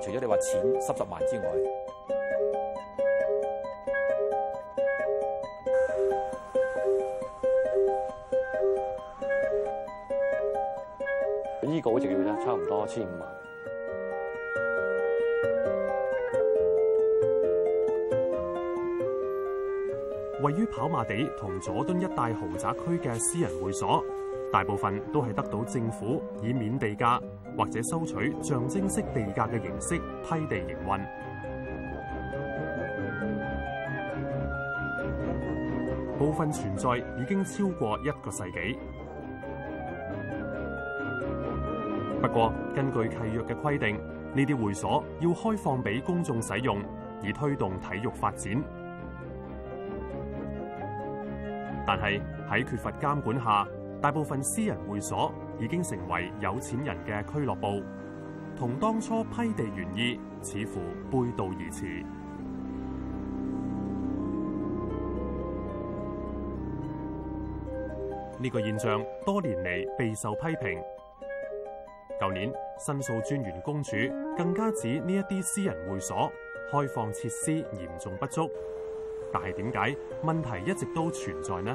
除咗你話錢三十,十萬之外，呢個好似要咧差唔多一千五萬。位於跑馬地同佐敦一帶豪宅區嘅私人會所。大部分都係得到政府以免地價或者收取象徵式地價嘅形式批地營運，部分存在已經超過一個世紀。不過，根據契約嘅規定，呢啲會所要開放畀公眾使用，以推動體育發展。但係喺缺乏監管下，大部分私人會所已經成為有錢人嘅俱樂部，同當初批地原意似乎背道而馳。呢個現象多年嚟備受批評，舊年申訴專員公署更加指呢一啲私人會所開放設施嚴重不足，但係點解問題一直都存在呢？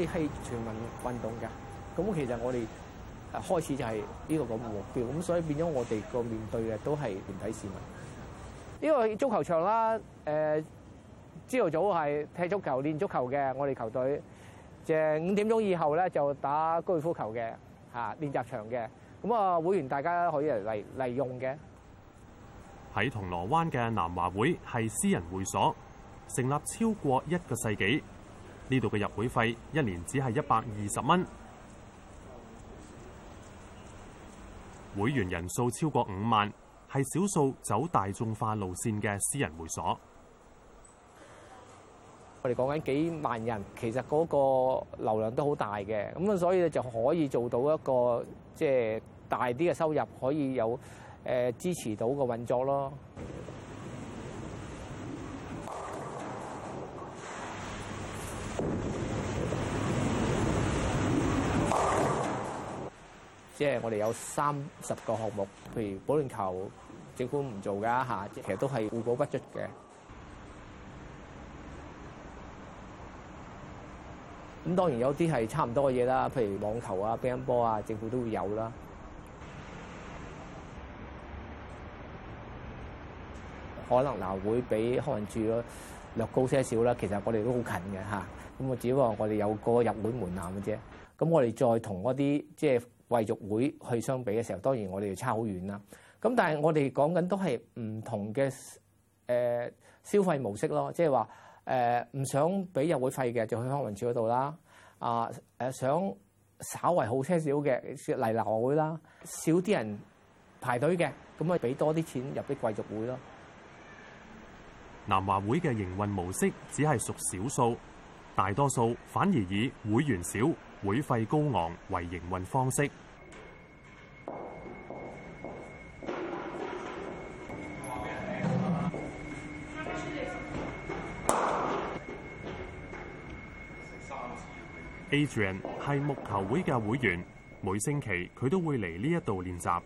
啲係全民運動嘅，咁其實我哋開始就係呢個咁嘅目標，咁所以變咗我哋個面對嘅都係團體市民。呢個足球場啦，誒、呃，朝頭早係踢足球、練足球嘅，我哋球隊，誒五點鐘以後咧就打高爾夫球嘅嚇練習場嘅，咁啊會員大家可以嚟嚟利用嘅。喺銅鑼灣嘅南華會係私人會所，成立超過一個世紀。呢度嘅入會費一年只係一百二十蚊，會員人數超過五萬，係少數走大眾化路線嘅私人會所。我哋講緊幾萬人，其實嗰個流量都好大嘅，咁啊，所以咧就可以做到一個即係大啲嘅收入，可以有誒支持到個運作咯。即係我哋有三十個項目，譬如保齡球，政府唔做噶嚇，其實都係互補不足嘅。咁當然有啲係差唔多嘅嘢啦，譬如網球啊、乒乓波啊，政府都會有啦。可能嗱會比康文署略高些少啦。其實我哋都好近嘅嚇，咁我只不過我哋有個入會門檻嘅啫。咁我哋再同嗰啲即係，貴族會去相比嘅時候，當然我哋要差好遠啦。咁但係我哋講緊都係唔同嘅誒消費模式咯，即係話誒唔想俾入會費嘅就去康文署嗰度啦。啊誒想稍為好些少嘅，例如樓會啦，少啲人排隊嘅，咁咪俾多啲錢入啲貴族會咯。南華會嘅營運模式只係屬少數，大多數反而以會員少。會費高昂，為營運方式。Adrian 係木球會嘅會員，每星期佢都會嚟呢一度練習。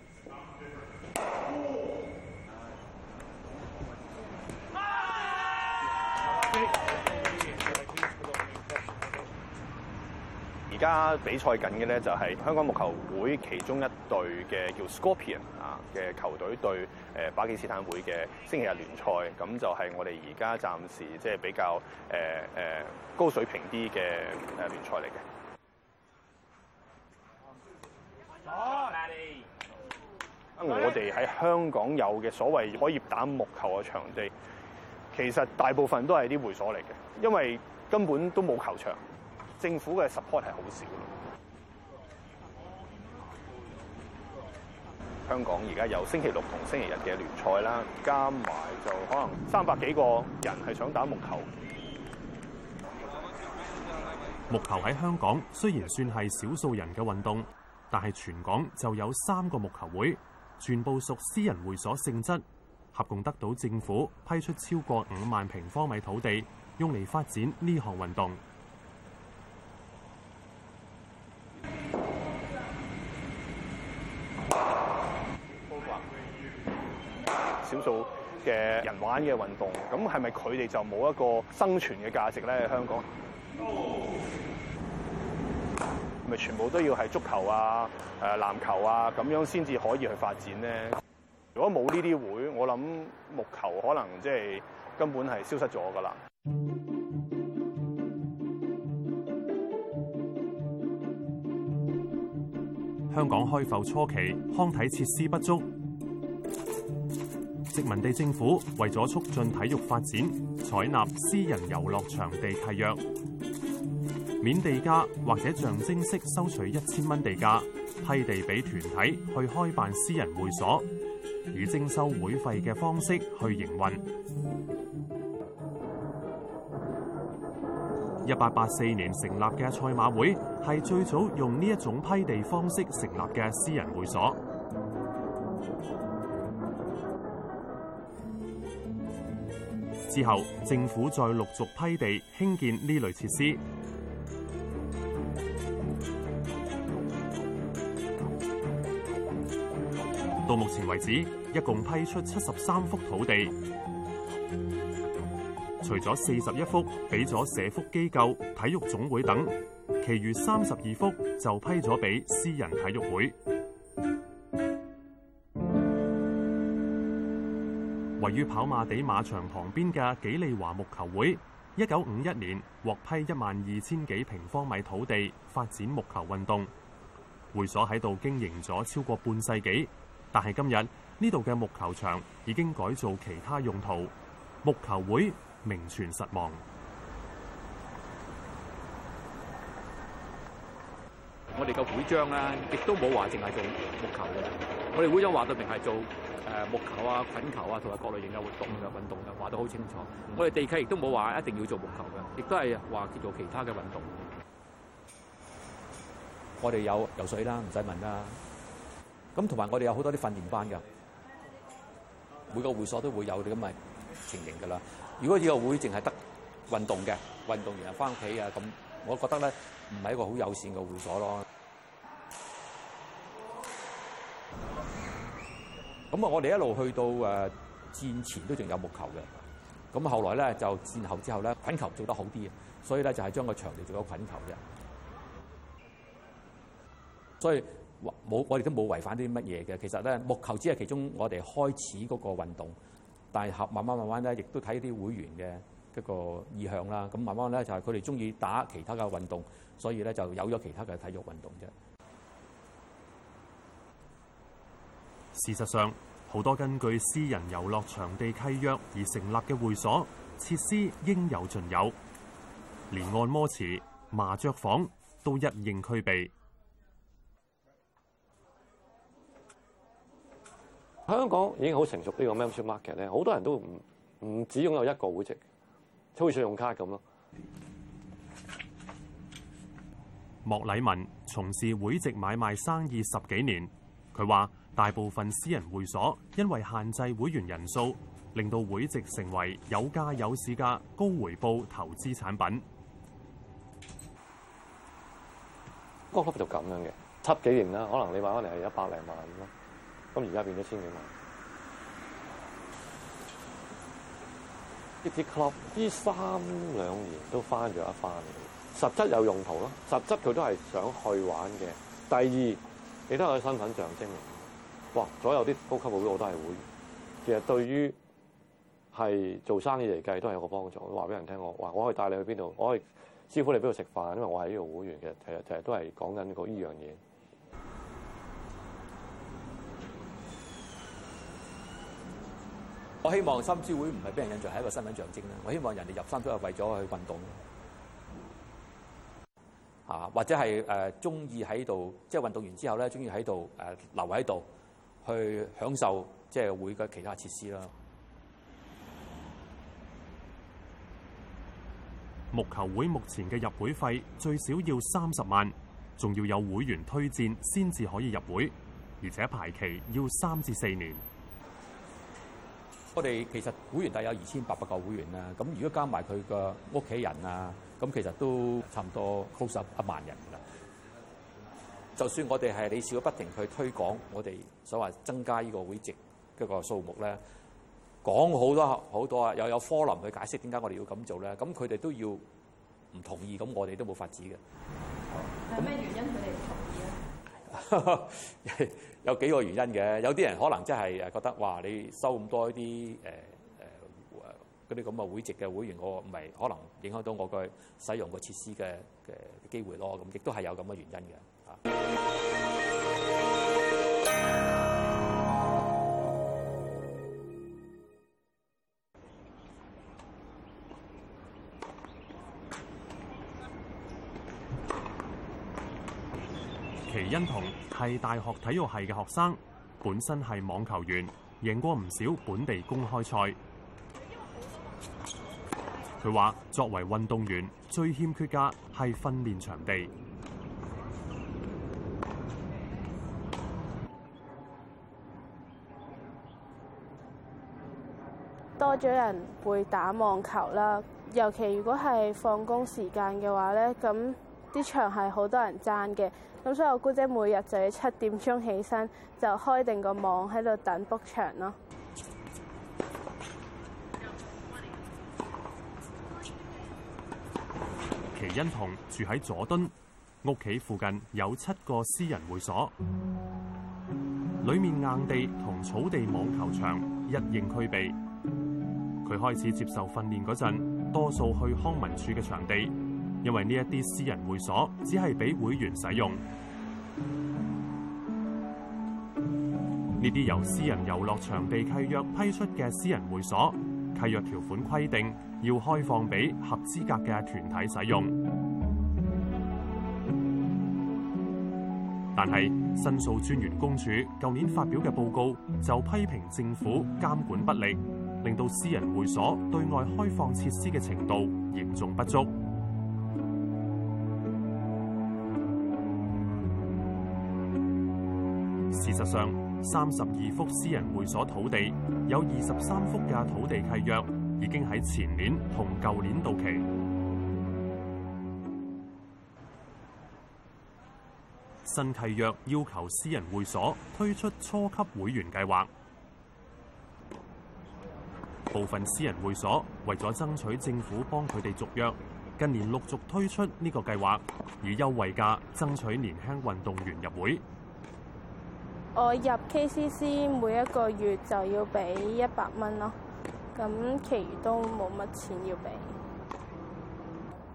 而家比賽緊嘅咧，就係香港木球會其中一隊嘅叫 Scorpion 啊嘅球隊對誒巴基斯坦會嘅星期日聯賽，咁就係我哋而家暫時即係比較誒誒高水平啲嘅聯賽嚟嘅。啊，我哋喺香港有嘅所謂可以打木球嘅場地，其實大部分都係啲會所嚟嘅，因為根本都冇球場。政府嘅 support 係好少。香港而家有星期六同星期日嘅聯賽啦，加埋就可能三百幾個人係想打木球。木球喺香港雖然算係少數人嘅運動，但係全港就有三個木球會，全部屬私人會所性質，合共得到政府批出超過五萬平方米土地，用嚟發展呢項運動。少數嘅人玩嘅運動，咁係咪佢哋就冇一個生存嘅價值咧？香港，咪全部都要係足球啊、誒籃球啊咁樣先至可以去發展咧。如果冇呢啲會，我諗木球可能即係根本係消失咗噶啦。香港開埠初期，康體設施不足。殖民地政府為咗促進體育發展，採納私人遊樂場地契約，免地價或者象徵式收取一千蚊地價，批地俾團體去開辦私人會所，以徵收會費嘅方式去營運。一八八四年成立嘅賽馬會係最早用呢一種批地方式成立嘅私人會所。之後，政府再陸續批地興建呢類設施。到目前為止，一共批出七十三幅土地，除咗四十一幅俾咗社福機構、體育總會等，其餘三十二幅就批咗俾私人體育會。位於跑馬地馬場旁邊嘅紀利華木球會，一九五一年獲批一萬二千幾平方米土地發展木球運動。會所喺度經營咗超過半世紀，但係今日呢度嘅木球場已經改做其他用途，木球會名存實亡。我哋嘅會章咧，亦都冇話淨係做木球嘅。我哋會長話到明係做誒木球啊、滾球啊同埋各類型嘅活動嘅運動嘅，話得好清楚。我哋地契亦都冇話一定要做木球嘅，亦都係話叫做其他嘅運動。我哋有游水啦，唔使問啦。咁同埋我哋有好多啲訓練班噶，每個會所都會有啲咁嘅情形噶啦。如果以後會淨係得運動嘅運動員翻屋企啊，咁我覺得咧唔係一個好友善嘅會所咯。咁啊，我哋一路去到誒戰前都仲有木球嘅，咁後來咧就戰後之後咧滾球做得好啲，所以咧就係將個場地做咗滾球啫。所以冇我哋都冇違反啲乜嘢嘅，其實咧木球只係其中我哋開始嗰個運動，但係慢慢慢慢咧，亦都睇啲會員嘅一個意向啦。咁慢慢咧就係佢哋中意打其他嘅運動，所以咧就有咗其他嘅體育運動啫。事實上，好多根據私人遊樂場地契約而成立嘅會所，設施應有盡有，連按摩池、麻雀房都一應俱備。香港已經好成熟呢、這個 membership market 咧，好多人都唔唔只擁有一個會籍，好似信用卡咁咯。莫禮文從事會籍買賣生意十幾年。佢話：他說大部分私人會所因為限制會員人數，令到會籍成為有價有市嘅高回報投資產品。這個 club 就咁樣嘅，七幾年啦，可能你買翻嚟係一百零萬啦，咁而家變咗千幾萬。啲啲 club 呢三兩年都翻咗一番，實質有用途咯，實質佢都係想去玩嘅。第二。你都有個身份象徵，哇！所有啲高級會我都係會員，其實對於係做生意嚟計都係有個幫助。話俾人聽我話，我可以帶你去邊度，我可以師傅，你邊度食飯，因為我係呢個會員。其實其實其實都係講緊呢個呢樣嘢。我希望三支會唔係俾人印象係一個身份象徵啦。我希望人哋入三都係為咗去運動，啊，或者係誒鍾意喺度，即係運動完之後咧，鍾意喺度誒留喺度，去享受即係會嘅其他設施啦。木球會目前嘅入會費最少要三十萬，仲要有會員推薦先至可以入會，而且排期要三至四年。我哋其實會員大有二千八百個會員啦，咁如果加埋佢個屋企人啊，咁其實都差唔多 close 一萬人噶啦。就算我哋係你，如果不停去推廣我哋所謂增加呢個會籍嘅個數目咧，講好多好多啊，又有科林、um、去解釋點解我哋要咁做咧，咁佢哋都要唔同意，咁我哋都冇法子嘅。好，係咩原因？ 有幾個原因嘅，有啲人可能真係誒覺得，哇！你收咁多一啲誒誒嗰啲咁嘅會籍嘅會員，我唔係可能影響到我嘅使用嘅設施嘅嘅機會咯。咁、啊、亦都係有咁嘅原因嘅。啊 因彤係大學體育系嘅學生，本身係網球員，贏過唔少本地公開賽。佢話：作為運動員，最欠缺嘅係訓練場地。多咗人會打網球啦，尤其如果係放工時間嘅話咧，咁。啲場係好多人爭嘅，咁所以我姑姐每日就要七點鐘起身，就開定個網喺度等 book 場咯。祁欣彤住喺佐敦，屋企附近有七個私人會所，裏面硬地同草地網球場一應俱備。佢開始接受訓練嗰陣，多數去康文署嘅場地。因為呢一啲私人會所只係俾會員使用，呢啲由私人遊樂場地契約批出嘅私人會所，契約條款規定要開放俾合資格嘅團體使用。但係，申訴專員公署舊年發表嘅報告就批評政府監管不力，令到私人會所對外開放設施嘅程度嚴重不足。上三十二幅私人會所土地，有二十三幅嘅土地契約已經喺前年同舊年到期。新契約要求私人會所推出初級會員計劃，部分私人會所為咗爭取政府幫佢哋續約，近年陸續推出呢個計劃，以優惠價爭取年輕運動員入會。我入 KCC 每一個月就要俾一百蚊咯，咁其餘都冇乜錢要俾，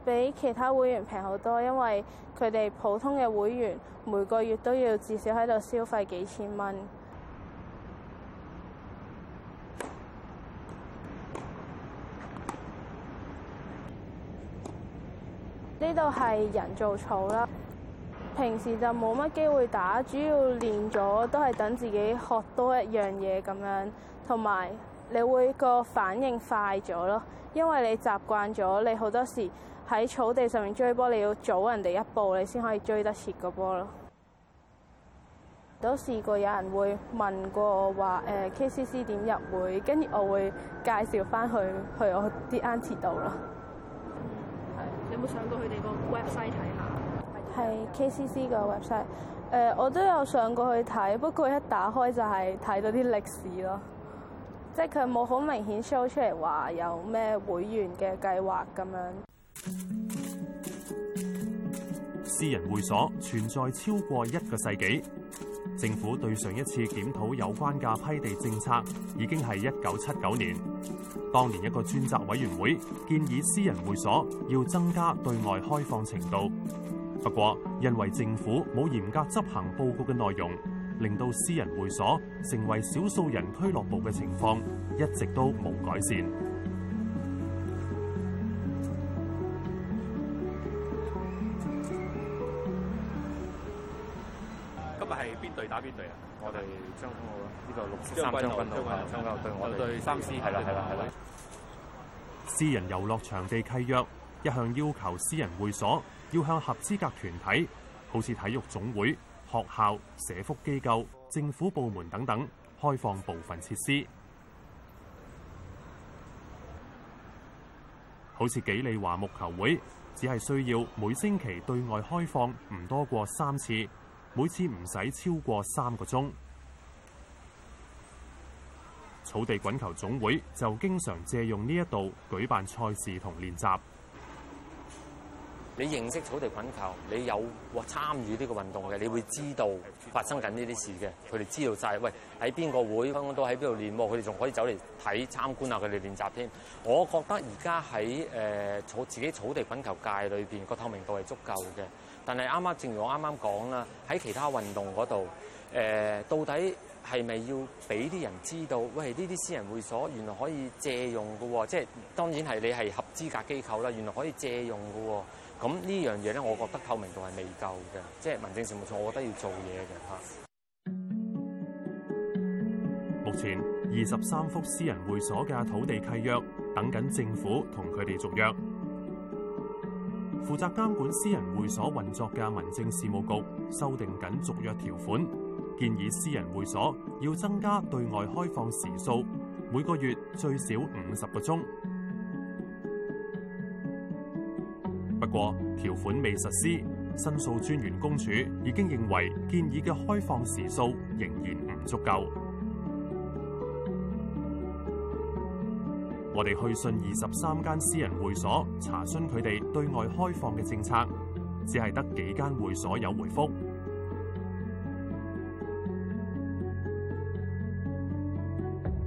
比其他會員平好多，因為佢哋普通嘅會員每個月都要至少喺度消費幾千蚊。呢度係人造草啦。平時就冇乜機會打，主要練咗都係等自己學多一樣嘢咁樣，同埋你會個反應快咗咯，因為你習慣咗，你好多時喺草地上面追波，你要早人哋一步，你先可以追得切個波咯。都試過有人會問過我話誒 KCC 點入會，跟住我會介紹翻去去我啲 auntie 度咯。係，有冇上過佢哋個 website 睇？係 KCC 個 website，我都有上過去睇，不過一打開就係睇到啲歷史咯，即係佢冇好明顯 show 出嚟，話有咩會員嘅計劃咁樣。私人會所存在超過一個世紀，政府對上一次檢討有關嘅批地政策已經係一九七九年，當年一個專責委員會建議私人會所要增加對外開放程度。不過，因為政府冇嚴格執行報告嘅內容，令到私人會所成為少數人俱樂部嘅情況一直都冇改善。今日係邊隊打邊隊啊？天我哋將軍呢度六十三分鐘路啦，對我哋三師係啦係啦係啦。私人遊樂場地契約。一向要求私人會所要向合資格團體，好似體育總會、學校、社福機構、政府部門等等開放部分設施。好似紀利華木球會，只係需要每星期對外開放唔多過三次，每次唔使超過三個鐘。草地滾球總會就經常借用呢一度舉辦賽事同練習。你認識草地滾球，你有參與呢個運動嘅，你會知道發生緊呢啲事嘅。佢哋知道晒，喂喺邊個會，咁都喺邊度練喎？佢哋仲可以走嚟睇參觀下佢哋練習添。我覺得而家喺呃、草自己草地滾球界裏面個透明度係足夠嘅，但係啱啱正如我啱啱講啦，喺其他運動嗰度、呃、到底係咪要俾啲人知道？喂，呢啲私人會所原來可以借用㗎喎，即係當然係你係合資格機構啦，原來可以借用㗎喎。咁呢樣嘢咧，我覺得透明度係未夠嘅，即係民政事務所我覺得要做嘢嘅嚇。目前二十三幅私人會所嘅土地契約等緊政府同佢哋續約。負責監管私人會所運作嘅民政事務局修訂緊續約條款，建議私人會所要增加對外開放時數，每個月最少五十個鐘。不過條款未實施，申訴專員公署已經認為建議嘅開放時數仍然唔足夠。我哋去信二十三間私人會所查詢佢哋對外開放嘅政策，只係得幾間會所有回覆。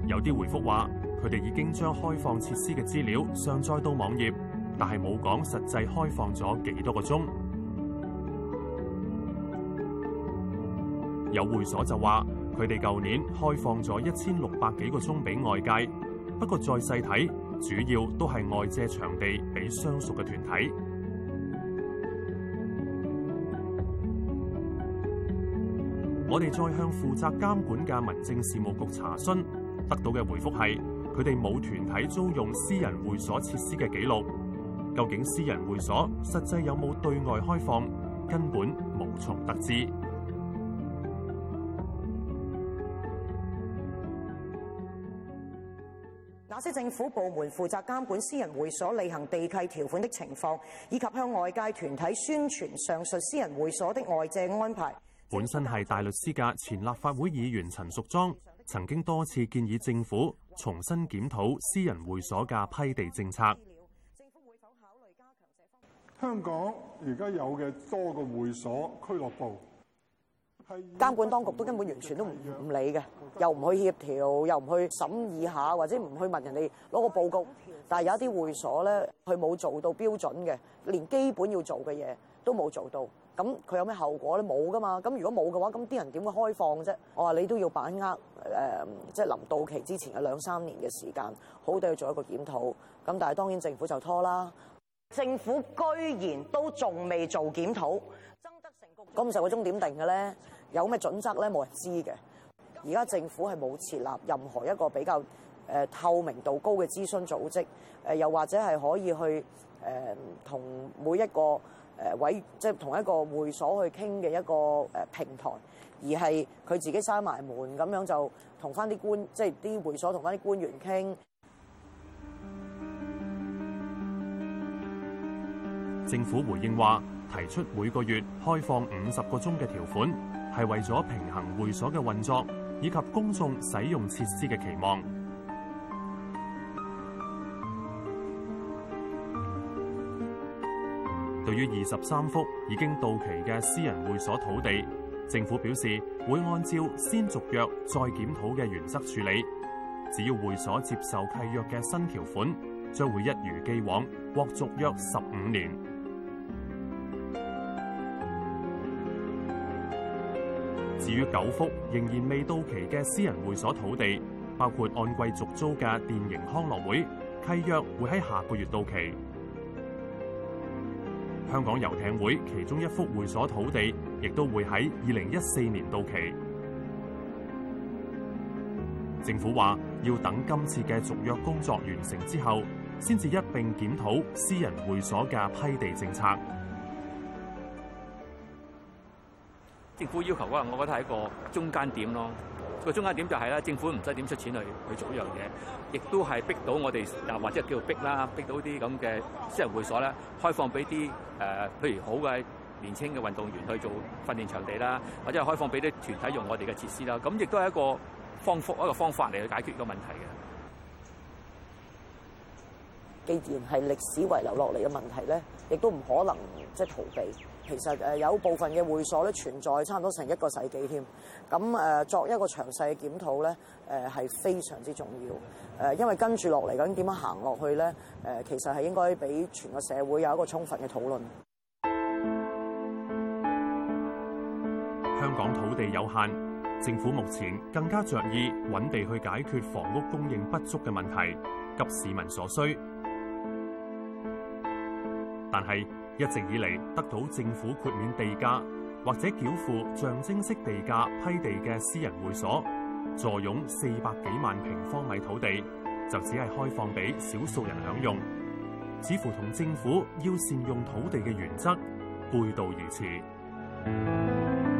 有啲回覆話佢哋已經將開放設施嘅資料上載到網頁。但係冇講實際開放咗幾多個鐘，有會所就話佢哋舊年開放咗一千六百幾個鐘俾外界，不過再細睇，主要都係外借場地俾相熟嘅團體。我哋再向負責監管嘅民政事務局查詢，得到嘅回覆係佢哋冇團體租用私人會所設施嘅記錄。究竟私人會所實際有冇對外開放，根本無從得知。哪些政府部門負責監管私人會所履行地契條款的情況，以及向外界團體宣傳上述私人會所的外借安排。本身係大律師嘅前立法會議員陳淑莊，曾經多次建議政府重新檢討私人會所嘅批地政策。香港而家有嘅多個會所俱樂部，監管當局都根本完全都唔唔理嘅，又唔去協調，又唔去審議下，或者唔去問人哋攞個報告。但係有一啲會所咧，佢冇做到標準嘅，連基本要做嘅嘢都冇做到。咁佢有咩後果咧？冇噶嘛。咁如果冇嘅話，咁啲人點會開放啫？我話你都要把握誒，即係臨到期之前嘅兩三年嘅時間，好地去做一個檢討，咁但係當然政府就拖啦。政府居然都仲未做檢討，爭得成功咁十個鐘點定嘅咧，有咩準則咧？冇人知嘅。而家政府係冇設立任何一個比較誒透明度高嘅諮詢組織，誒又或者係可以去誒、呃、同每一個誒委、呃，即係同一個會所去傾嘅一個誒平台，而係佢自己閂埋門咁樣就同翻啲官，即係啲會所同翻啲官員傾。政府回應話，提出每個月開放五十個鐘嘅條款，係為咗平衡會所嘅運作以及公眾使用設施嘅期望。對於二十三幅已經到期嘅私人會所土地，政府表示會按照先續約再檢討嘅原則處理。只要會所接受契約嘅新條款，將會一如既往獲續約十五年。至於九幅仍然未到期嘅私人會所土地，包括按季續租嘅電盈康樂會契約會喺下個月到期。香港遊艇會其中一幅會所土地亦都會喺二零一四年到期。政府話要等今次嘅續約工作完成之後，先至一併檢討私人會所嘅批地政策。政府要求可能我覺得係一個中間點咯。個中間點就係咧，政府唔使點出錢去去做呢樣嘢，亦都係逼到我哋，又或者叫逼啦，逼到啲咁嘅私人會所咧，開放俾啲誒，譬如好嘅年輕嘅運動員去做訓練場地啦，或者係開放俾啲團體用我哋嘅設施啦。咁亦都係一個方方一個方法嚟去解決呢個問題嘅。既然係歷史遺留落嚟嘅問題咧，亦都唔可能即係、就是、逃避。其實誒有部分嘅會所咧，存在差唔多成一個世紀添，咁誒作一個詳細嘅檢討咧，誒係非常之重要誒，因為跟住落嚟究竟點樣行落去咧誒，其實係應該俾全個社會有一個充分嘅討論。香港土地有限，政府目前更加着意揾地去解決房屋供應不足嘅問題，及市民所需，但係，一直以嚟得到政府豁免地價或者繳付象徵式地價批地嘅私人會所，坐擁四百幾萬平方米土地，就只係開放俾少數人享用，似乎同政府要善用土地嘅原則背道而馳。